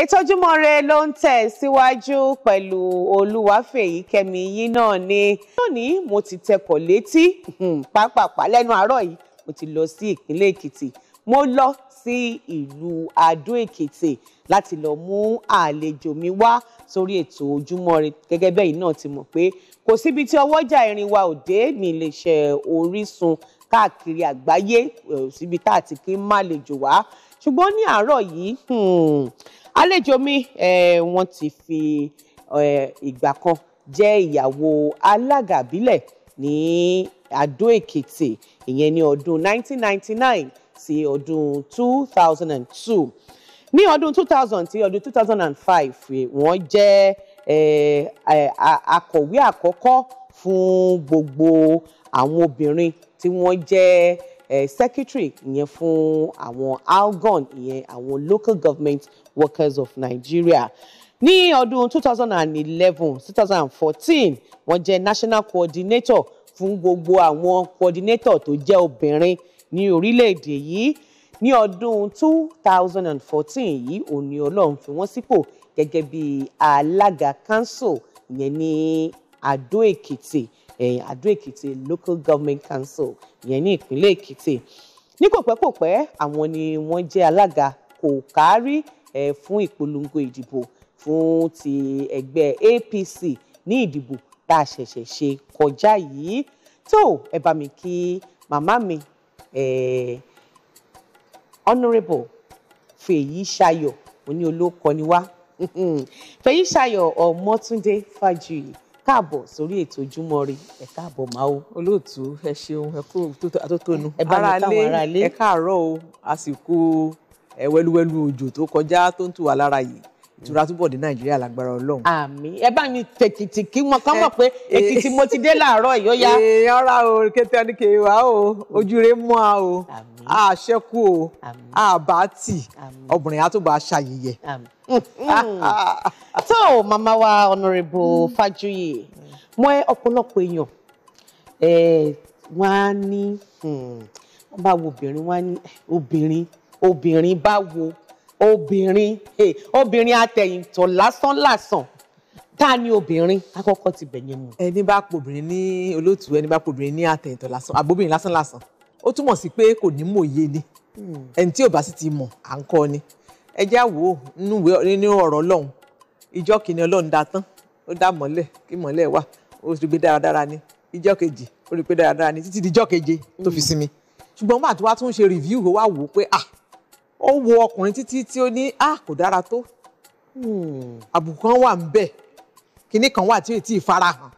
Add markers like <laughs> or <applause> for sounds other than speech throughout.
ètò Ojúmọ́ Ire ló ń tẹ̀ síwájú pẹ̀lú Olúwafẹ́yìkẹ́mi yín náà ni lónìí mo ti tẹkọ̀ létí pápápá lẹ́nu àárọ̀ yìí mo ti lọ sí ìpínlẹ̀ Èkìtì mo lọ sí ìlú Adó Èkìtì láti lọ mú àlejò mi wá sórí ètò Ojúmọ́ Ire gẹ́gẹ́ bẹ́ẹ̀ náà ti mọ̀ pé kò síbi tí ọwọ́jà irin wa ò dé ní iléeṣẹ́ Orísun káàkiri àgbáyé síbi tá a ti kí má lè jò wá ṣùgbọ́n ní àárọ̀ yìí àlejò mi wọ́n ti fi ìgbà kan jẹ́ ìyàwó alága àbílẹ̀ ní Adó Èkìtì ìyẹn ní ọdún 1999 sí ọdún 2002 ní ọdún 2000 sí ọdún 2005 wọ́n jẹ́ akọ̀wé àkọ́kọ́ fún gbogbo àwọn obìnrin tí wọ́n jẹ́ secretary ìyẹn fún àwọn ALGON ìyẹn àwọn local government workers of nigeria ní ọdún 2011 2014 wọ́n jẹ́ national coordinator fún gbogbo àwọn coordinator tó jẹ́ obìnrin ní orílẹ̀-èdè yìí ní ọdún 2014 yìí òní ọlọ́run fi wọ́n sípò gẹ́gẹ́ bí alága council ìyẹn ní Adó Èkìtì ẹ̀yìn eh, Èkìtì local government council ìyẹn ní ìpínlẹ̀ Èkìtì ní kòpẹ́kòpẹ́ àwọn ni wọ́n jẹ́ alága kò kárí fún ìpolongo ìdìbò fún ti ẹgbẹ́ APC ní ìdìbò tá a ṣẹ̀ṣẹ̀ ṣe kọjá yìí tó ẹ bá mi kí màmá mi honourable Fèyíṣayọ̀ oníolókọniwá <laughs> Fèyíṣayọ̀ Ọmọ́túndé Fájuyì káàbọ̀ sórí ètò ojúmọ́ rí ẹ káàbọ̀ máa o. olóòtú ẹ ṣeun ẹ kú àtótónu ara lé ẹ káàárọ̀ o àsìkò wẹ́lúwẹ́lú òjò tó kọjá tó ń tù wá lára yìí ìtura túbọ̀ dé nàìjíríà lágbára ọlọ́run. àmín ẹ bá mi tètè kí wọn kán mọ̀ pé <laughs> eh, èkìtì mo ti dé eh, làárọ̀ yóò yá. èèyàn eh, ra o kété ní kéwì wá o ojúre mọ́ a o àṣẹ́kù o àbátì ọbùnrin àtúbọ̀ àṣàyẹyẹ. tó màmá wa honourable mm. Fájuyì mọ mm. ọ̀pọ̀lọpọ̀ èèyàn wọn á ní hmm, wọn bá wo obìnrin wọn á ní obìnrin obìnrin bá wo obìnrin obìnrin atẹ̀yìntọ̀ lásán lásán ta ni obìnrin àkọ́kọ́ ti bẹ̀yẹn mu. ẹni bá pobìnrin ní olóòtú ẹni bá pobìnrin ní àtẹ̀yìntọ̀ lásán àbóbìnrin lásán lásán ó túmọ̀ sí pé kò ní mòye ni hmm. ẹni tí ò bá sì ti mọ̀ à ń kọ́ ni ẹ já wò ó nínú ọ̀rọ̀ ọlọ́run ìjọ kìíní ọlọ́run dá tán ó dá mọ́lẹ̀ kí mọ́lẹ̀ wà ó rí pé dáradára ni ìjọ kejì ó rí pé dáradára ni títí di ìjọ keje tó fi hmm. sinmi ṣùgbọ́n bá àti wá tún ṣe rìvíù wá wò ó pé ah ó wo ọkùnrin títí tí ó ní ah kò dára tó hmm, àbùkù kan wà ń bẹ kinní kan wà tí ò tí ì farahàn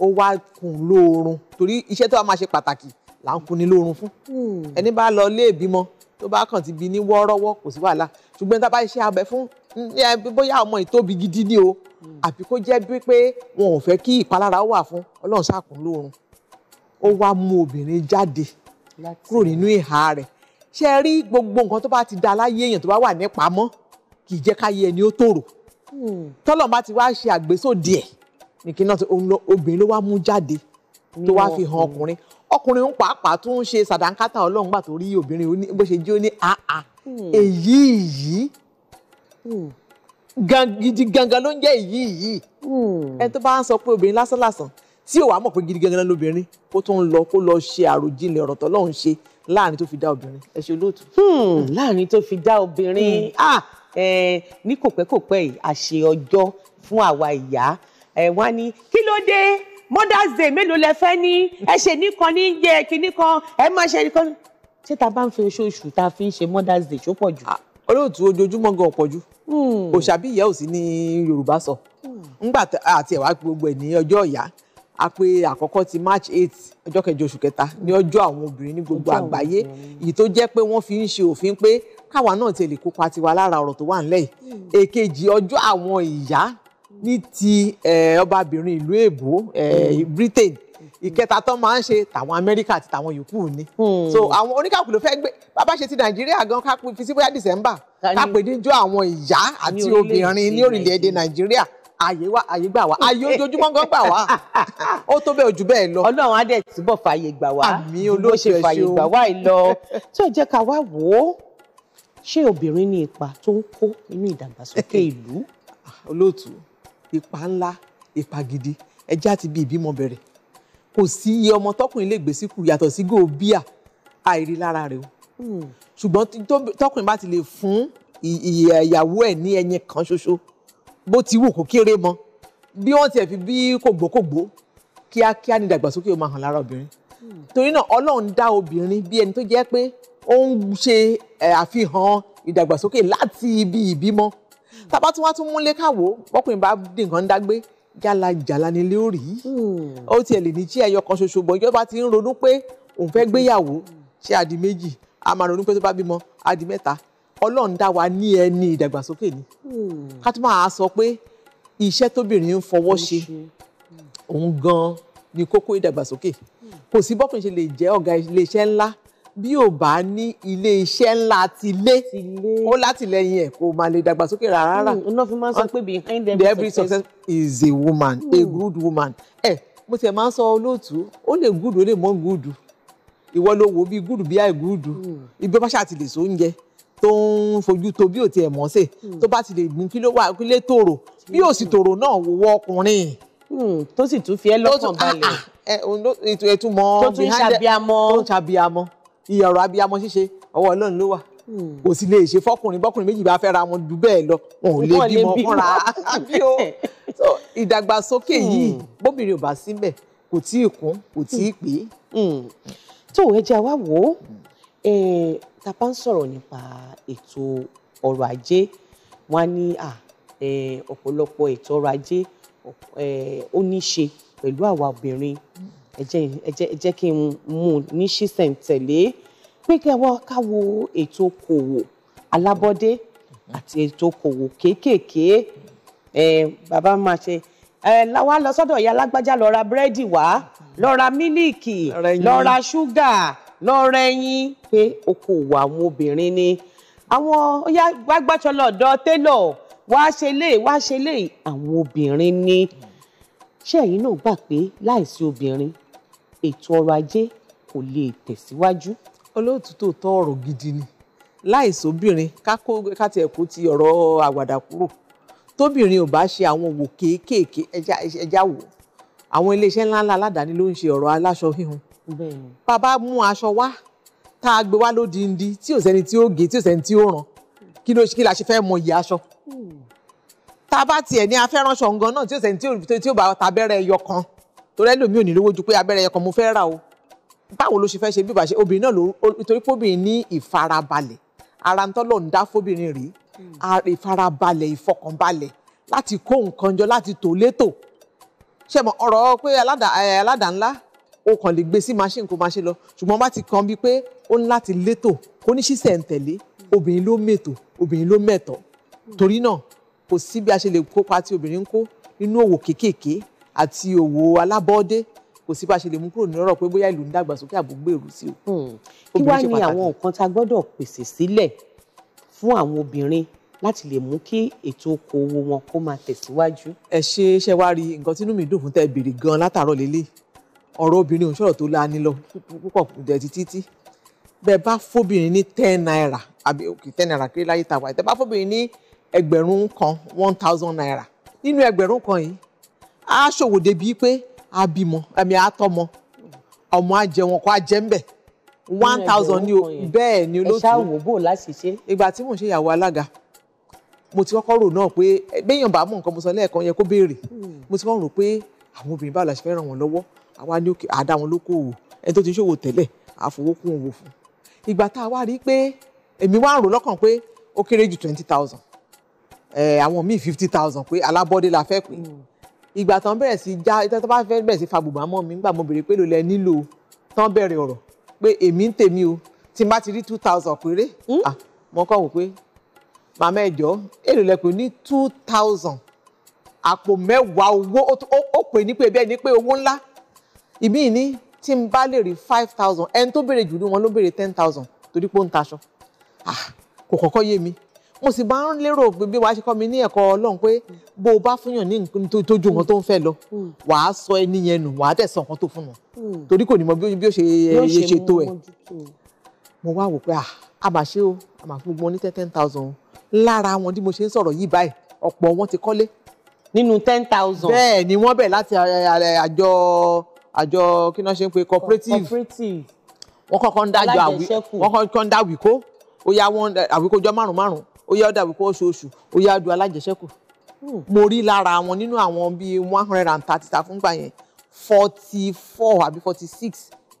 ó wá kùn lóorun torí iṣẹ́ tó wà máa ṣe pàtàkì là ń kunni lóorun fún hmm. ẹni bá lọ ilé ìbímọ tó bá kàn ti bí ní wọ́ọ́rọ́wọ́ kò sí wàhálà ṣùgbọ́n tá a bá ṣe abẹ fún bóyá ọmọ ìtóbi gidi ni o hmm. àbí kó jẹ́ bí pé wọn ò fẹ́ kí ìpalára wà fún ọlọ́run ṣàkùn lóorun ó wá mú obìnrin jáde kúrò nínú ìhà rẹ̀ ṣe é rí gbogbo nǹkan tó bá ti da láyé èèyàn tó bá wà ní pamọ́ kì í jẹ́ káyé ẹni ó tòrò hmm. tọ́lọ̀ bá ti wá ṣe àgbésòdì ẹ̀ nìkí náà obìnrin ló wá mú jáde tó wá fi hàn ọkùnrin ọkùnrin ń pàápàá tó ń ṣe sàdánkátà ọlọ́run gbà tó rí obìnrin bó ṣe jí ó ní àá hmm. èyí yìí hmm. gidi gangan ló ń jẹ́ èyí yìí ẹni tó bá ń sọ pé obìnrin lásán lásán tí ò wá mọ̀ pé gidi gangan lóbìnrin kó tó ń lọ kó lọ ṣe àròjinlẹ̀ ọ̀rọ̀ tọ́lọ́run ṣe láàrin tó fi dá obìnrin ẹ ṣe olóòtú. Hmm. Hmm, láàrin tó fi dá obìnrin hmm. ah, ní kòpẹ́kòpẹ́ yìí àṣe ọjọ́ fún àwa ìyá wọ́n á ní kí ló dé mother's day mélòó lẹ fẹ́ ní ẹ ṣe nìkan ní jẹ kínní kan ẹ má ṣe nìkan ṣé ta bá ń fi oṣooṣù ta fi ń ṣe mother's day ṣó pọ̀ jù. Ah, olóòtú ojoojúmọ́ gan ọ̀pọ̀ jù òṣàbí ìyá ò sí ní yorùbá sọ ńgbà àti ẹ̀wá gbogbo ẹ̀ ní ọjọ́ ìyá àpè àkọ́kọ́ ti March eight ọjọ́ kẹjọ oṣù kẹta ní ọjọ́ àwọn obìnrin ní gbogbo àgbáyé èyí tó jẹ́ pé wọ́n fi ń ṣe òfin pé káwa náà ti lè kópa tiwa lára ọ̀rọ̀ tó wà ńlẹ̀ yìí hmm. èkejì ọjọ́ àwọn ìyá ní ti ọbabìnrin ìlú èbó hmm. Britain hmm. ìkẹta tó máa ń ṣe tàwọn Amẹ́ríkà àti tàwọn yòókù ni so àwọn oníkàkùn ló fẹ́ gbé bàbá ṣe ti Nàìjíríà gan ká fi sí bóyá December ká pè níjọ́ àwọn ìyá àti obìnrin ní orílẹ̀-èdè Nàìjíríà àyè wa àyè gbà wá àyè <laughs> ojoojúmọ́ gan gbà wá ó tó bẹ́ẹ̀ ojú bẹ́ẹ̀ lọ. ọlọ́run á dẹ̀ túbọ̀ fàyè gbà wá àmì olóṣèlú ṣe fàyè gbà wá ìlọ tó jẹ́ ká wá wò ó ṣé obìnrin ní ipa tó ń kó nínú ìdàgbàsókè <laughs> ìlú. olóòtú ipa ńlá ipa gidi ẹjẹ́ àti bí ìbímọ bẹ̀rẹ̀ kò sí iye ọmọ tọkùnrin lè gbé síkù yàtọ̀ sí gòbíà àìrí lára rẹ o hmm. ṣùgbọ́n tọkùnrin bá ti lè fún ìyàwó ẹ̀ ní ẹyin kan ṣoṣo bó ti wù kó kéré mọ bí wọ́n tiẹ̀ fi bí kògbókògbó kíákíá ní ìdàgbàsókè ó máa hàn lára obìnrin torí náà ọlọ́run dá obìnrin bí ẹni tó jẹ́ pé ó ń ṣe àfihàn ìdàgbàsókè láti ibi ìbímọ tàbá tí wọ́n tún múlé káwó bọ́kùnrin bá dín nǹkan dágbé jàlá jàlá nílé ó rí hmm. ó tiẹ̀ lè ní tí ẹyọ kan ṣoṣo bọ̀ ìjọba ti ń ronú pé òun fẹ́ gbéyàwó ṣé àdì méjì a máa ronú pé tó bá bímọ àdì mẹ́ta ọlọ́run dá wa ní ẹni ìdàgbàsókè ni hmm. ká tó máa sọ pé iṣẹ́ tóbìnrin ń fọwọ́ ṣe hmm. òun gan-an ni kókó ìdàgbàsókè hmm. kò sí bọ́kùnrin ṣe lè jẹ́ ọ̀gá iléeṣẹ́ ńlá bí ò bá ní ilé iṣẹ́ ńlá ti lé ó látìlẹyìn ẹ̀ kó máa lè dàgbàsókè rárá. iná every success is a woman a good woman. ẹ mo tiẹ̀ máa ń sọ olóòtú ó lè gúdù ó lè mọ́ gúdù ìwọ ló wo bí gúdù bí àìgúdù ibi bá ṣáà ti lè so oúnjẹ tó ń fojú tó bí ò tiẹ̀ mọ́ sè hmm. tó bá ti lè mú kí ló wà kí lè tòrò bí ò sì tòrò náà wọ ọkùnrin. Hmm, tó sì tún fi ẹ́ lọ́kàn balẹ̀. ẹtùmọ̀ <coughs> eh, tó tún ṣàbíamọ. tó tún ṣàbíamọ ìyọ̀rọ̀ abíamọ ṣíṣe ọwọ́ Ọlọ́run ló wà hmm. kò sì lè ṣe fọkùnrin bọkùnrin méjì bá fẹ́ra wọn jù bẹ́ẹ̀ lọ wọn ò lè bímọ fúnra àbí o <laughs> ìdàgbàsókè yìí bóbìnrin ò bá síbẹ̀ kò tí ì kún kò tí ì pé. tó o ẹ wá wò ó tá a bá ń sọ̀rọ̀ nípa ètò ọrọ̀ ajé wọ́n á ní ọ̀pọ̀lọpọ̀ ètò ọrọ̀ ajé ó ní í ṣe pẹ̀lú àwa obìnrin ẹ jẹ́ kí n mú un ní ṣísẹ̀ntẹ̀lé pé kẹwọ́ ká wo ètò okòwò alábọ́dé àti ètò okòwò kéékèèké bàbá máa ṣe wá lọ sọ́dọ̀ ìyá alágbájá lọ ra búrẹ́dì wá lọ ra mílíìkì lọ ra ṣúgà lọ rẹyìn pé okòwò àwọn obìnrin ni àwọn ọyá gbàgbàtsọlọ ọdọ télọ wàá ṣe lè wàá ṣe lè àwọn obìnrin ni ṣé ẹ̀yin náà gbà pé láìsí obìnrin ètò ọrọ̀ ajé kò lè tẹ̀síwájú. olóòtú tó tọ́ ọ̀rọ̀ gidi ni láìsí obìnrin ká tiẹ̀ kó ti ọ̀rọ̀ àwàdà kúrò tóbìnrin ò bá ṣe àwọn òwò kéékèèké ẹja wò àwọn iléeṣẹ́ ńláńlá aládàáni ló ń ṣe ọ̀rọ̀ aláṣọ híhun bàbá mú aṣọ wá tá a gbé wá lódìndí tí ò sẹ́ni tí ó gé tí ò sẹ́ni tí ó ràn kí ló kí la ṣe fẹ́ mọ iye aṣọ tá a bá tiẹ̀ ní afẹ́ràn ṣọ̀ǹgan náà tí ò sẹ́ni tí ó bá tabẹ́rẹ́ ẹyọ kan torí ẹlòmíì ò ní lówó ju pé abẹ́rẹ́ ẹyọ kan mo fẹ́ rà o báwo ló ṣe fẹ́ ṣe bí ìbàṣẹ obìnrin náà nítorí fóbìnrin ní ìfarabalẹ̀ ara ń tọ́lọ̀ ń dá fóbìnrin rèé ìfarabalẹ̀ ìfọkànbalẹ̀ láti kó nǹkan jọ láti tò létò ṣe mọ ọ̀rọ̀ pé aládàá ńlá o kàn lè gbé sí machine kó máa ṣe lọ ṣùgbọ́n bá ti kàn bíi pé ó ní láti létò kó ní ṣíṣẹ̀ ń tẹ̀lé obìnrin ló mètò obìnrin ló mẹ̀tọ́ torí náà kò sí bí a ṣe lè kópa tí obìnrin ń kó nínú òwò kéékèèké àti òwò alábọ́ọ́dé kò sí bá a ṣe lè mú kúrò nírọ̀ pé bóyá ìlú ń dàgbàsókè àbúgbèrú sí o. Hmm. kí wàá ní àwọn nǹkan tá a gbọ́dọ̀ pèsè sílẹ̀ fún àwọn obìnrin láti lè mú kí ètò okòwò wọn kó máa tẹ̀síwájú. ẹ ṣe ṣe wá rí nǹkan tínú mi dùn fún tẹ bèrè gan-an látàárọ̀ lélẹ̀ ọ̀rọ̀ obìnrin ò ń sọ̀rọ̀ tó láni lọ púpọ̀ jẹ́ ti títí bẹ́ẹ̀ bá fóbìnrin ní ten naira àbí òkè ten naira kiri láyé tàwa ìtẹ́ bá fóbìnrin ní ẹgbẹ̀rún kan one thousand naira nínú ẹgbẹ̀rún kan yìí á ṣòwò débi pé á bímọ ẹ̀mí á tọ́mọ ọmọ á jẹun ọkọ á jẹ ń bẹ̀ one thousand ni o bẹ́ẹ̀ ni olóòtú ẹ̀ ṣáà wò bò láti ṣe. ìgbà tí mò ń ṣe ìyàwó alága mo ti kọ́kọ́ rò náà pé béèyàn bá mọ̀ nǹkan mo sọ lẹ́ẹ̀kan yẹ kó béèrè hmm. mo ti kọ́kọ́ rò pé àwọn obìnrin báwo la ṣe fẹ́ ràn wọ́n lọ́wọ́ àwa ní òkè àdá wọn lókòwò ẹni tó ti ṣòwò tẹ́lẹ̀ àfọwọ́kùn òwò fún ìgbà tá a wá rí i pé èmi wá ń rò lọ́kàn pé ó kéré ju twenty thousand àwọn míì fifty thousand pé alábọ́dé la fẹ́ pé hmm. ìgbà tán bẹ̀rẹ̀ sí já tó bá fẹ́ bẹ̀rẹ̀ sí fa bùbá mọ́ mi nígbà mo béèrè pé ló nílò tán bẹ̀rẹ̀ ọ̀rọ̀ pé èmi ń tèmi o tí n bá ti rí two thousand péré hmm? mo kọ́ wò pé màmá ẹ̀jọ́ èlò lẹ pé ní two thousand àpò mẹ́wàá owó ó pè ní pé bẹ́ẹ̀ ni pé owó ńlá ìbí ní tí n bá lè rí five thousand ẹni tó béèrè jù wọn ló béèrè ten thousand torí pé ó ń taṣọ ah, kò kọ́kọ́ yé mi mo sì máa ń lérò pé bí wàá ṣe kọ́ mi ní ẹ̀kọ́ ọlọ́run pé bó o bá fúnyàn ní nǹkan tó ju nǹkan tó ń fẹ́ lọ hmm. wàá sọ ẹni yẹn nù wàá dẹ̀ sọ nǹkan tó fún un hmm. torí kò ní mọ bí ó ṣe yẹ eh, ṣètò ẹ̀ mo wá wò pé ah, a máa ṣe o a máa fún gbogbo ní ten thousand lára wọn tí mo ṣe ń sọ̀rọ̀ yìí báyìí ọ̀pọ̀ wọn ti kọ́lé. nínú ten thousand. bẹ́ẹ̀ ni wọ́n bẹ̀ láti eh, àjọ àjọ kí náà ṣe ń pe cooperative wọ́n kọ́kọ́ ń dájọ àwí wọ́n kọ́kọ́ ń dá àwíkó ó yá wọ́n àwíkójọ́ márùn márùn ó yá ọ̀dà àwíkó oṣooṣù ó yá ọdún alájẹsẹ́kù hmm. mo rí lára wọn nínú àwọn bíi one hundred and thirty ta fún gbà yẹn forty four àbí forty six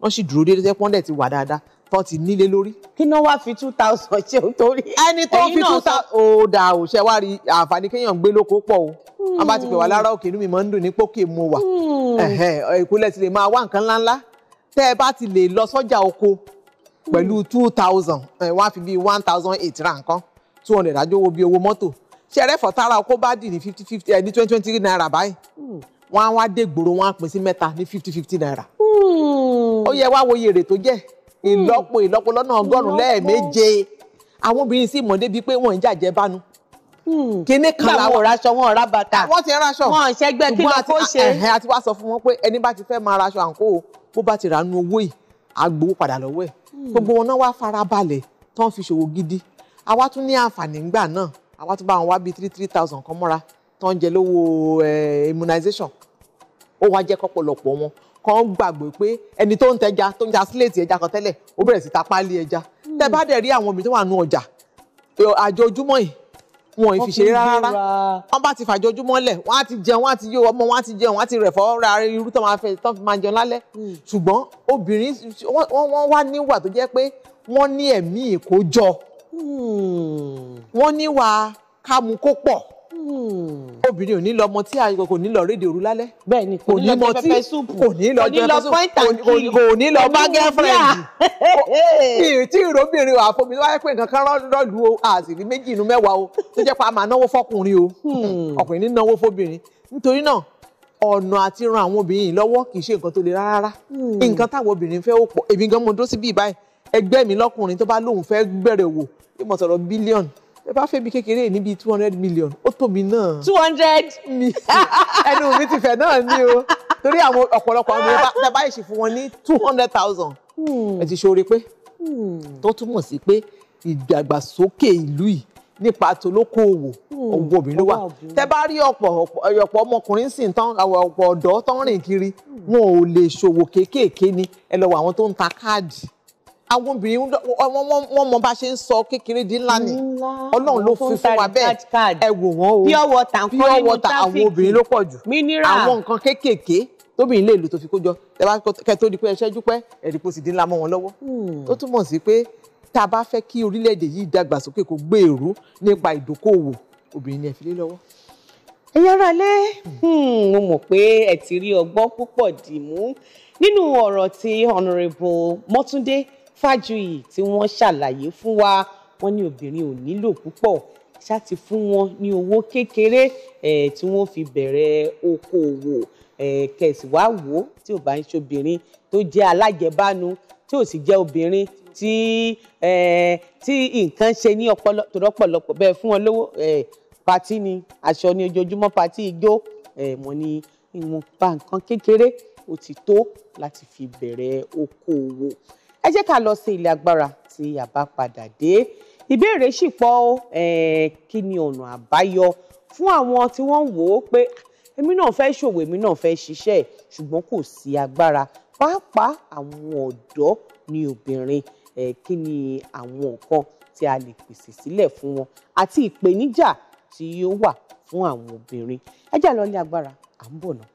wọ́n sì dúró déédéé pọ́n dẹ̀ ti wà dáadáa tó ti nílé lórí. kí náà wá fi two thousand ṣe nítorí. ẹni tó fi two thousand ó dà ó ṣe wá rí àǹfààní kéèyàn gbé lóko pọ̀ o. wọ́n bá ti pè wá hmm. lára òkè inú mi máa ń dùn ní pókè mo wà. Hmm. Èkó lẹ ti lè máa wá nǹkan ńláńlá tẹ́ ẹ bá ti lè lọ sọ́jà oko pẹ̀lú two thousand wọ́n á fi bíi one thousand eight ra nǹkan two hundred àjọwọ́ bíi owó mọ́tò ṣẹrẹ fọtara oko bá dì ní fifty fifty ní twenty twenty three naira báyìí wọ́n á wá dé gbòòrò wọ́n á pín sí mẹ́ta ní fifty fifty naira hmm. ó yẹ wá wo iye èrè tó jẹ́ hmm. ìlọ́po ìlọ́po lọ́nà ọgọ́rùn-ún lẹ́ẹ̀méje àwọn obìnrin sì mọ̀ débi pé wọ́n ń jàjẹ́ bánu Hmm. kíní kan làwọn ò raṣọ wọn ò ra bàtà wọn ti raṣọ wọn ṣẹgbẹ kí ló kó ṣe. a ti wá sọ fún wọn pé ẹni bá ti fẹ́ máa raṣọ àǹkó o bó bá ti rà nu owó yìí á gbowó padà lọ́wọ́ ẹ̀ hmm. gbogbo wọn náà wá farabalẹ̀ tán fi ṣòwò gidi àwa tún ní àǹfààní ńgbà náà àwa tún bá wọn wá bíi three three thousand kan mọ́ra tán jẹ lówó immunization ó wá jẹ́ kọ́pọ̀lọpọ̀ wọn kan gbàgbé pé ẹni tó ń tẹja tó ń ja síléètì ẹja kan tẹ́lẹ̀ ó bẹ̀rẹ̀ sí ta páálí ẹja hmm. tẹ bá dẹ̀ rí àwọn obìnrin tó wà nù ọjà àjọ ojúmọ́ yìí wọn ì fi ṣeré rárá wọn bá ti fàjọjúmọ́ lẹ̀ wọn á ti jẹun wọn á ti yó ọmọ wọn á ti jẹun wọn á ti rẹ̀fọ́ ra irú tó máa fẹ́ tó máa jẹun lálẹ́ hmm. ṣùgbọ́n obìnrin wọ́n wá níwà tó jẹ́ pé wọ́n ní ẹ̀mí ìkójọ hmm. wọ́n níwà kámukópọ̀ obìnrin ò ní lọ ọmọ tí a kò ní lọ rédè òru lálẹ́. bẹ́ẹ̀ni kò ní lọ jẹ pẹpẹ súpù kò ní lọ jẹ pẹpẹ súpù kò ní lọ bá girlfriend. tí ìròbìnrin wà fún mi wáyé pé nǹkan kan rọ́ọ̀lù o àṣírí méjì inú mẹ́wàá o tó jẹ́ pé a máa náwó fọkùnrin o hmm. ọkùnrin ní náwó fóbìnrin nítorí náà ọ̀nà àti ran àwọn obìnrin yìí lọ́wọ́ kì í ṣe nǹkan tó le rárá hmm. nǹkan táwọn obìnrin fẹ́ ó pọ̀ èmi gan mo dó sí bíi báyìí ẹgbẹ́ mi lọ́kùnrin tó bá lóun fẹ́ bẹ̀rẹ̀ wò bí bílíọ̀nù ẹ bá fẹ́ mi kékeré níbi two hundred million ó tó mi náà. two hundred. mi <laughs> ẹnu mi ti fẹ̀ náà ni o torí àwọn ọ̀pọ̀lọpọ̀ àwọn ẹ bá ìṣe fún wọn ní two hundred thousand. Hmm. ẹ ti ṣoore pé hmm. tó túmọ̀ sí pé ìdàgbàsókè ìlú yìí nípa tolókoòwò owó hmm. obìnrin wà tẹ bá rí ọ̀pọ̀ ọ̀pọ̀ ọmọkùnrin sì ń tán ọ̀pọ̀ ọ̀dọ́ tán rìn kiri wọn ò lè ṣòwò kéékèèké ni ẹ lọ wọ àwọn tó ń ta káàdì àwọn obìnrin wọ́n mọ bá ṣe ń sọ kékeré di ńlá ni ọlọ́run ló fi fún wa bẹ́ẹ̀ ẹ wò wọ́n o pure water pure water àwọn obìnrin ló pọ̀ jù àwọn nǹkan kéékèèké tóbìnrin lè lò tó fi kó jọ ẹ bá kẹ tó di pé ẹ ṣẹ́jú pẹ́ ẹ̀rí kó sì di ńlá mọ́ wọn lọ́wọ́ tó hmm. túmọ̀ sí pé tá a bá fẹ́ kí orílẹ̀-èdè yìí dàgbàsókè kó gbèrú nípa ìdókòwò obìnrin ni ẹ fi lé lọ́wọ́. ẹ̀yin ará lé hmm, mo mọ̀ pé ẹ ti rí ọgbọ́n púpọ̀ dì mú nínú ọ̀rọ̀ tí honourable Mọ́túndé fájuyì tí wọ́n ṣàlàyé fún wa wọ́n ní obìnrin ò nílò púpọ̀ ṣáàtì fún wọn ní owó kékeré tí wọ́n fi bẹ̀rẹ̀ okòòwò kẹ̀sì wá wò ó tí ò bá ń ṣobìnrin tó jẹ́ alájẹbánu tí ò sì jẹ́ obìnrin tí nǹkan ṣe ní ọpọlọ bẹ́ẹ̀ fún wọn lówó patí ni aṣọ ni ojoojúmọ́ patí igbó wọ́n ní ìwọ̀nba nǹkan kékeré ó ti tó láti fi bẹ̀rẹ̀ okòòwò ẹ jẹ́ ká lọ sí ilé agbára tí a bá padà dé ìbéèrè sì pọ̀ ó kí ni ọ̀nà àbáyọ fún àwọn tí wọ́n wò ó pé èmi náà fẹ́ ṣòwò èmi náà fẹ́ ṣiṣẹ́ ṣùgbọ́n kò sí agbára pàápàá àwọn ọ̀dọ́ ni obìnrin kí ni àwọn nǹkan tí a lè pèsè sílẹ̀ fún wọn àti ìpèníjà tí ó wà fún àwọn obìnrin ẹ jẹ́ lọ ní agbára à ń bọ̀ náà.